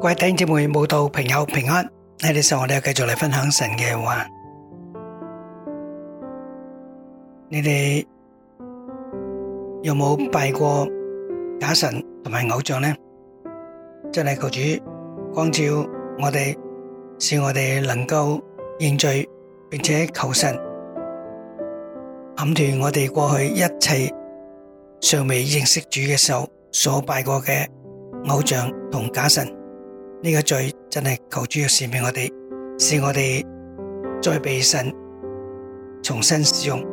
各位弟兄姊妹、信徒朋友平安，喺呢時候我哋繼續嚟分享神嘅話。你哋有冇拜過假神同埋偶像呢？真係求主光照我哋，使我哋能夠認罪，並且求神砍斷我哋過去一切尚未認識主嘅時候所拜過嘅偶像同假神。呢、這個罪真係求主赦免我哋，使我哋再被神重新使用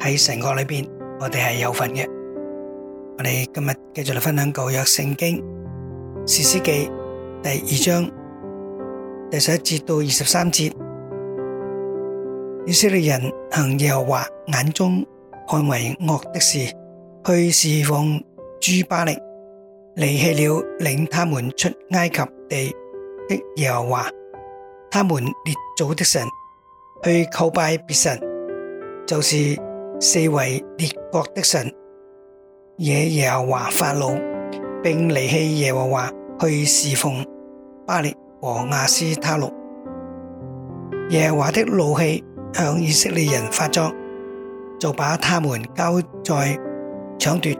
喺神國裏邊，我哋係有份嘅。我哋今日繼續嚟分享舊約聖經士師記第二章第十一節到二十三節。以色列人行耶和華眼中看為惡的事，去侍奉諸巴力，離棄了領他們出埃及地的耶和華，他們列祖的神，去叩拜別神，就是四圍列國的神，惹耶和華發怒，並離棄耶和華去侍奉巴力和亞斯他錄。耶和華的怒氣向以色列人發作，就把他們交在搶奪。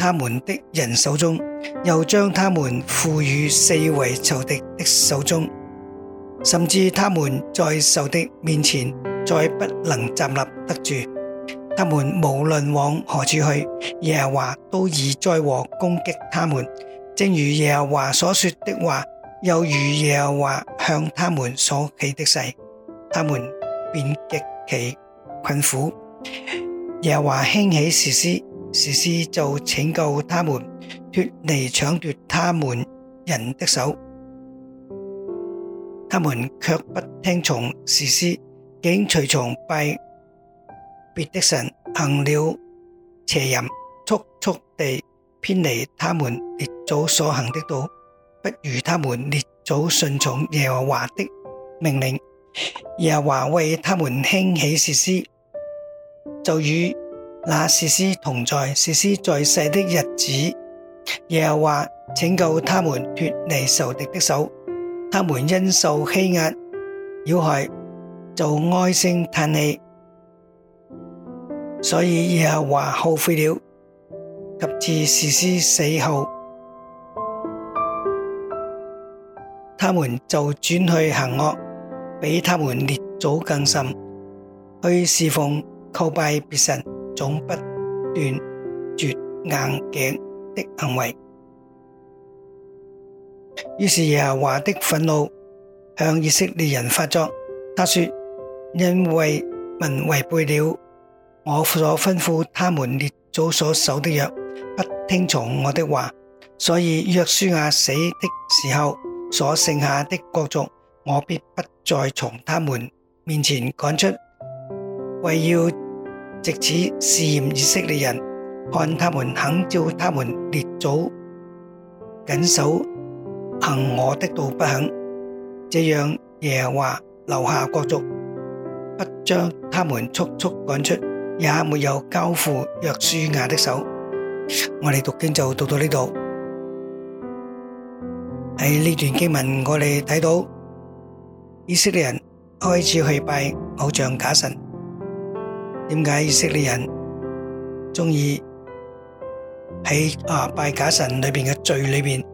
他們的人手中，又將他們賦予四圍仇敵的手中，甚至他們在仇敵面前，再不能站立得住。他們無論往何處去，耶和華都以災禍攻擊他們。正如耶和華所說的話，又如耶和華向他們所起的誓，他們便極其困苦。耶和華興起士師。士師就拯救他們，脫離搶奪他們人的手，他們卻不聽從士師，竟隨從拜別的神，行了邪淫，速速地偏離他們列祖所行的道，不如他們列祖順從耶和華的命令，耶和華為他們興起士師，就與。那士師同在，士師在世的日子，耶和華拯救他們脫離仇敵的手，他們因受欺壓、擾害，就哀聲嘆氣，所以耶和華後悔了。及至士師死後，他們就轉去行惡，比他們列祖更甚，去侍奉、叩拜別神。總不斷絕硬頸的行為，於是耶和華的憤怒向以色列人發作。他說：因為民違背了我所吩咐他們列祖所守的約，不聽從我的話，所以約書亞死的時候所剩下的國族，我必不再從他們面前趕出，為要。直至試驗以色列人,看他們肯照他們列祖,點解以色列人鍾意喺啊拜假神裏邊嘅罪裏邊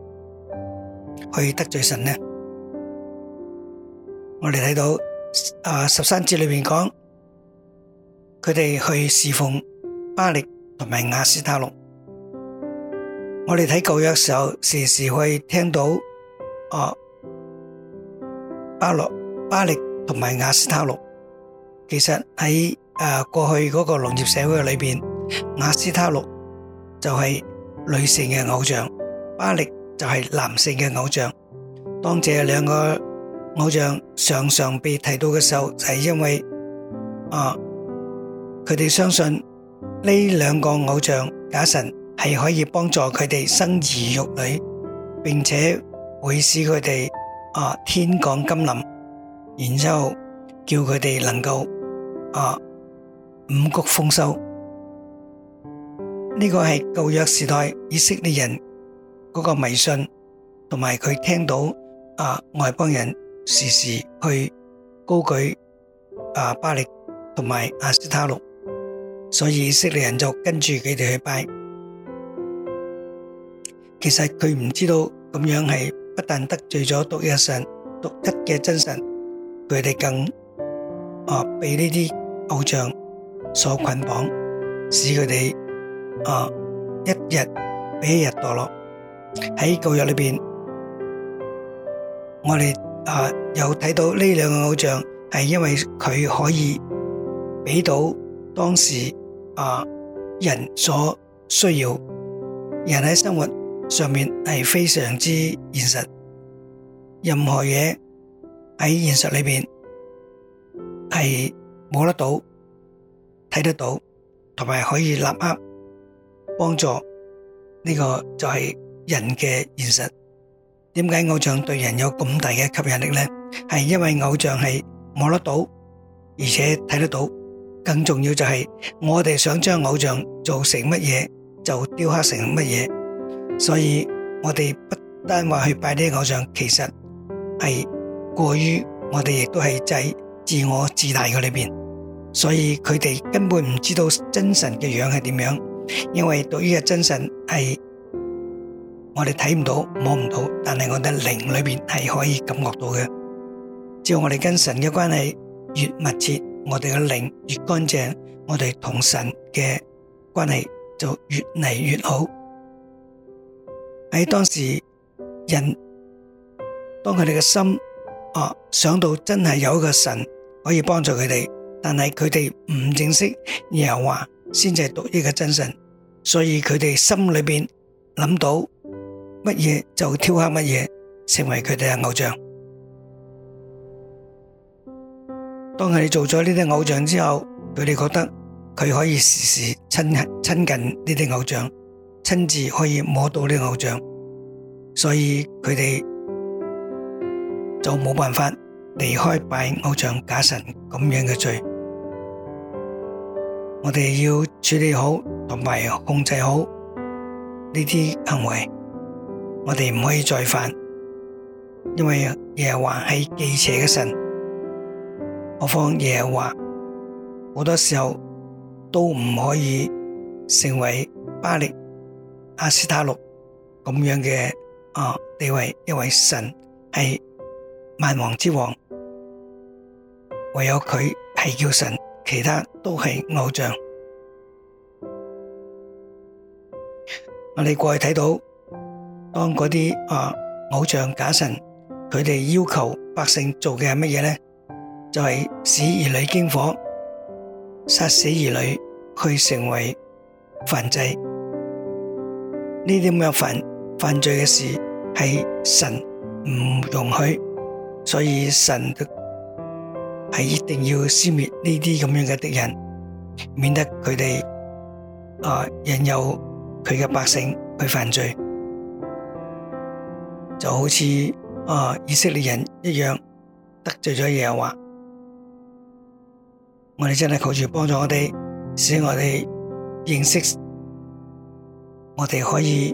去得罪神呢？我哋睇到啊十三節裏邊講，佢哋去侍奉巴力同埋亞斯塔龍。我哋睇舊約嘅時候，時時會聽到啊巴諾、巴力同埋亞斯塔龍。其實喺誒、啊，過去嗰個農業社會裏邊，阿斯塔六就係女性嘅偶像，巴力就係男性嘅偶像。當這兩個偶像常常被提到嘅時候，就係、是、因為啊，佢哋相信呢兩個偶像假神係可以幫助佢哋生兒育女，並且會使佢哋啊天降甘霖，然之後叫佢哋能夠啊。五穀豐收呢個，係舊約時代以色列人嗰個迷信，同埋佢聽到啊外邦人時時去高舉啊巴力同埋阿斯塔錄，所以以色列人就跟住佢哋去拜。其實佢唔知道咁樣係不但得罪咗獨一神，獨一嘅真神，佢哋更啊俾呢啲偶像所捆綁，使佢哋啊一日比一日墮落。喺舊約裏邊，我哋啊又睇到呢兩個偶像，係因為佢可以俾到當時啊人所需要。人喺生活上面係非常之現實，任何嘢喺現實裏邊係冇得到。睇得到，同埋可以立刻幫助。呢個就係人嘅現實。點解偶像對人有咁大嘅吸引力呢？係因為偶像係摸得到，而且睇得到。更重要就係我哋想將偶像做成乜嘢，就雕刻成乜嘢。所以我哋不單話去拜呢啲偶像，其實係過於我哋亦都係在自我自大嘅裏邊。所以佢哋根本唔知道真神嘅樣係點樣，因為對於嘅真神係我哋睇唔到、摸唔到，但係我哋靈裏邊係可以感覺到嘅。只要我哋跟神嘅關係越密切，我哋嘅靈越乾淨，我哋同神嘅關係就越嚟越好。喺當時人，當佢哋嘅心，啊，想到真係有一個神可以幫助佢哋。但係佢哋唔正式，又話先至係獨一嘅真神，所以佢哋心裏邊諗到乜嘢就雕刻乜嘢，成為佢哋嘅偶像。當佢哋做咗呢啲偶像之後，佢哋覺得佢可以時時親近親近呢啲偶像，親自可以摸到呢啲偶像，所以佢哋就冇辦法離開拜偶像假神咁樣嘅罪。我哋要處理好同埋控制好呢啲行為，我哋唔可以再犯，因為耶和華係忌邪嘅神，何況耶和華好多時候都唔可以成為巴力、阿斯塔錄咁樣嘅啊地位，因為神係萬王之王，唯有佢係叫神。其他都係偶像，我哋過去睇到，當嗰啲啊偶像假神，佢哋要求百姓做嘅係乜嘢咧？就係、是、使兒女經火，殺死兒女去成為燔祭。呢啲咁嘅犯犯罪嘅事，係神唔容許，所以神的係一定要消滅呢啲咁樣嘅敵人，免得佢哋啊引誘佢嘅百姓去犯罪，就好似啊、呃、以色列人一樣得罪咗耶和華。我哋真係靠住幫助我哋，使我哋認識我哋可以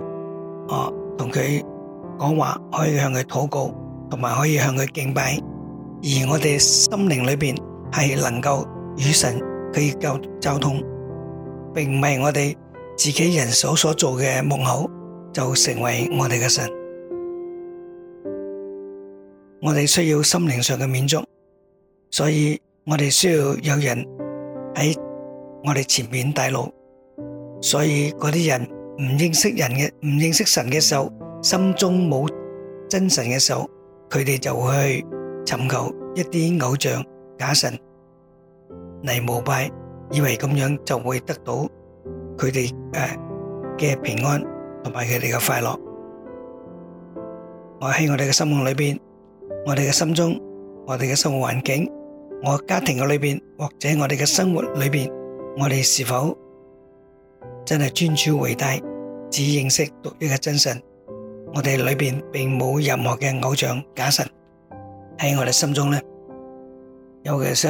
啊同佢講話，可以向佢禱告，同埋可以向佢敬拜。而我哋心靈裏邊係能夠與神佢交交通，並唔係我哋自己人所所做嘅木偶就成為我哋嘅神。我哋需要心靈上嘅滿足，所以我哋需要有人喺我哋前面帶路。所以嗰啲人唔認識人嘅，唔認識神嘅時候，心中冇真神嘅時候，佢哋就會去尋求一啲偶像假神嚟膜拜，以為咁樣就會得到佢哋誒嘅平安同埋佢哋嘅快樂。我喺我哋嘅心裏邊，我哋嘅心中，我哋嘅生活環境，我家庭嘅裏邊，或者我哋嘅生活裏邊，我哋是否真係專注偉大，只認識獨一嘅真神？我哋裏邊并冇任何嘅偶像假神。喺我哋心中咧，尤其是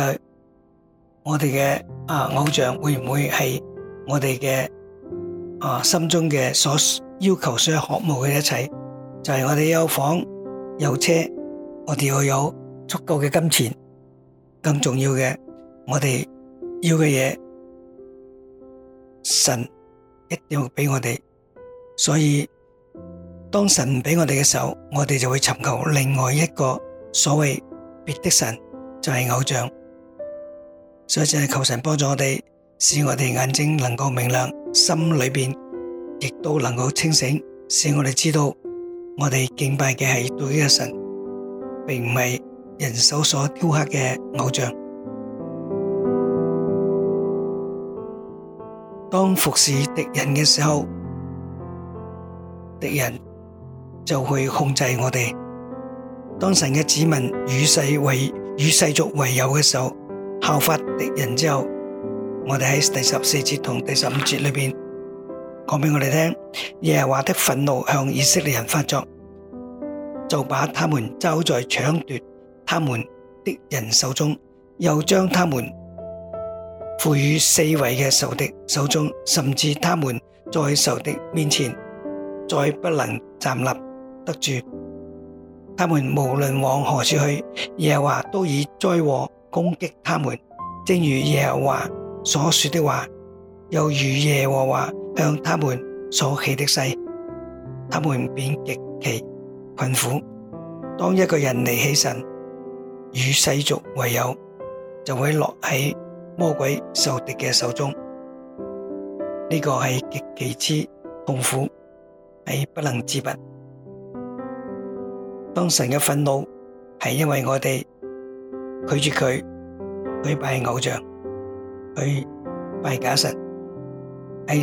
我哋嘅，啊偶像會會，會唔會係我哋嘅啊心中嘅所要求、所渴慕嘅一切？就係、是、我哋有房有車，我哋要有足夠嘅金錢。更重要嘅，我哋要嘅嘢，神一定要俾我哋。所以當神唔俾我哋嘅時候，我哋就會尋求另外一個。.所謂別的神就係偶像，所以就係求神幫助我哋，使我哋眼睛能夠明亮，心裏面亦都能夠清醒，使我哋知道我哋敬拜嘅係對的神，並唔係人手所雕刻嘅偶像。當服侍敵人嘅時候，敵人就會控制我哋。當神嘅子民與世為與世俗為友嘅時候，效法敵人之後，我哋喺第十四節同第十五節裏邊講俾我哋聽，耶和華的憤怒向以色列人發作，就把他們交在搶奪他們的人手中，又將他們賦予四圍嘅仇敵手中，甚至他們在仇敵面前再不能站立得住。他們無論往何處去，耶和華都以災禍攻擊他們，正如耶和華所說的話，又如耶和華向他們所起的誓，他們便極其困苦。當一個人離棄神與世俗為友，就會落喺魔鬼仇敵嘅手中。呢個係極其之痛苦，係不能自拔。當神嘅憤怒係因為我哋拒絕佢，他拜偶像，他拜假神在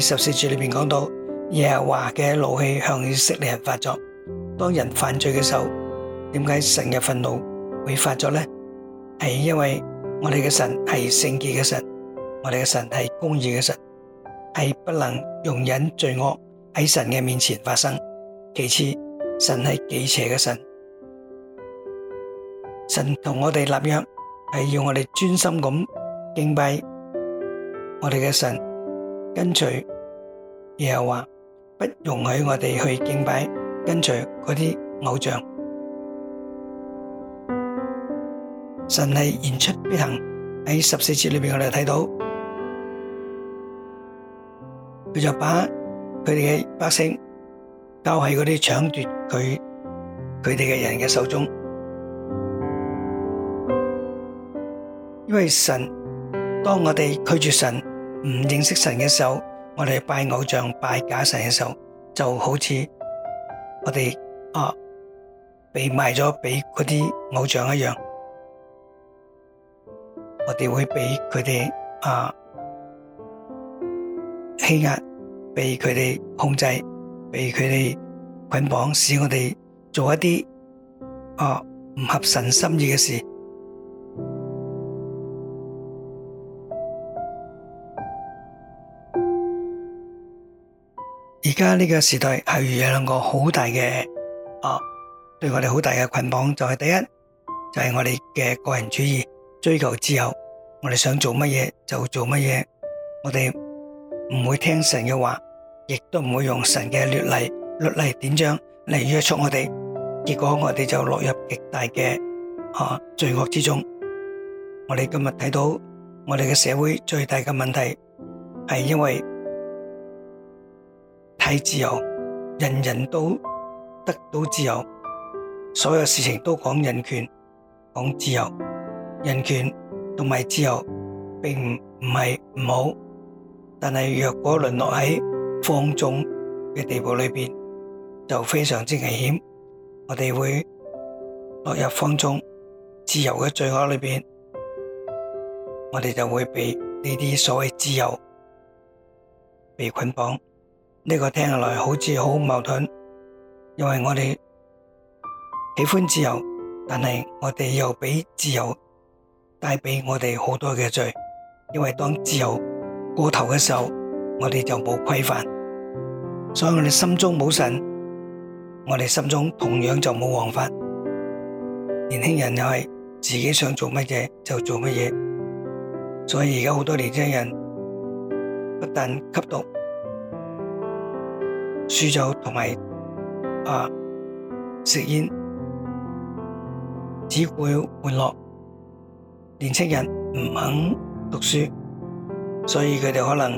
神同我哋立約，係要我哋專心咁敬拜我哋嘅神，跟隨，亦係話不容許我哋去敬拜跟隨嗰啲偶像。神係言出必行，喺十四節裏邊我哋睇到，佢就把佢哋嘅百姓交喺嗰啲搶奪佢佢哋嘅人嘅手中。因為神，當我哋拒絕神、唔認識神嘅時候，我哋拜偶像、拜假神嘅時候，就好似我哋啊被賣咗畀嗰啲偶像一樣，我哋會俾佢哋啊欺壓，俾佢哋控制，俾佢哋捆綁，使我哋做一啲啊唔合神心意嘅事。而家呢個時代係有兩個好大嘅啊，對我哋好大嘅捆綁，就係第一就係我哋嘅個人主義，追求自由，我哋想做乜嘢就做乜嘢，我哋唔會聽神嘅話，亦都唔會用神嘅律例、律例典章嚟約束我哋，結果我哋就落入極大嘅啊罪惡之中。我哋今日睇到我哋嘅社會最大嘅問題係因為，太自由，人人都得到自由，所有事情都講人權、講自由、人權同埋自由，並唔唔係唔好，但係若果淪落喺放縱嘅地步裏邊，就非常之危險。我哋會落入放縱、自由嘅罪惡裏邊，我哋就會被呢啲所謂自由被捆綁。呢、個聽落嚟好似好矛盾，因為我哋喜歡自由，但係我哋又畀自由帶畀我哋好多嘅罪，因為當自由過頭嘅時候，我哋就冇規範，所以我哋心中冇神，我哋心中同樣就冇王法。年輕人又係自己想做乜嘢就做乜嘢，所以而家好多年輕人不但吸毒。酗酒同埋啊食煙，只會玩樂，年輕人唔肯讀書，所以佢哋可能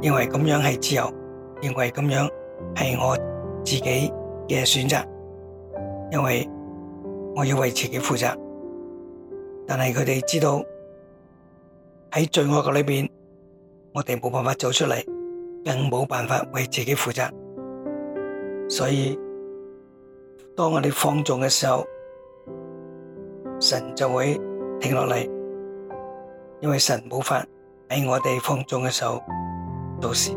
認為咁樣係自由，認為咁樣係我自己嘅選擇，因為我要為自己負責。但係佢哋知道喺罪惡嘅裏面，我哋冇辦法走出嚟，更冇辦法為自己負責。所以，當我哋放縱嘅時候，神就會停落嚟。因為神冇法喺我哋放縱嘅時候做事。到時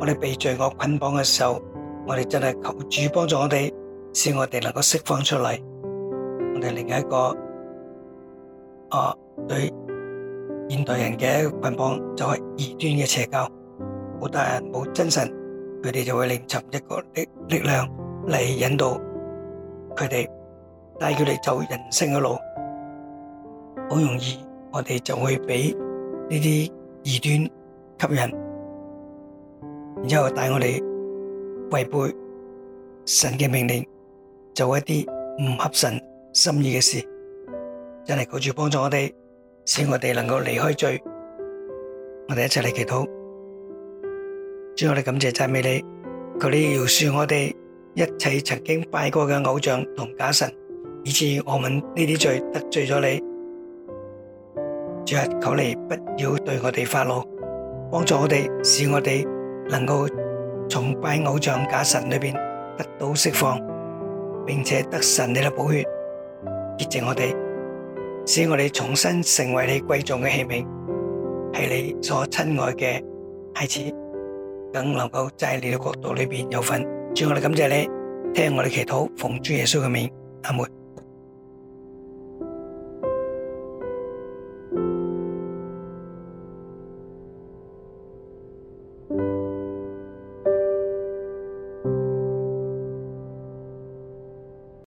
我哋被罪惡捆綁嘅時候，我哋真係求主幫助我哋，使我哋能夠釋放出嚟。我哋另一個啊，對現代人嘅一個捆綁就係異端嘅邪教，冇大人，冇真神。佢哋就會領尋一個力力量，嚟引導佢哋，帶佢哋走人生嘅路。好容易我哋就會俾呢啲異端吸引，然之後帶我哋違背神嘅命令，做一啲唔合神心意嘅事，真係攰住幫助我哋，使我哋能夠離開罪。我哋一齊嚟祈禱。主，我哋感謝讚美你，求你饒恕我哋一切曾經拜過嘅偶像同假神，以致我們呢啲罪得罪咗你。主啊，求你不要對我哋發怒，幫助我哋，使我哋能夠從拜偶像假神裏面，得到釋放，並且得神你嘅寶血潔淨我哋，使我哋重新成為你貴重嘅器皿，係你所親愛嘅孩子。更能夠在你的國度裏邊有份，主，我哋感謝你，聽我哋祈禱，奉主耶穌嘅名，阿門。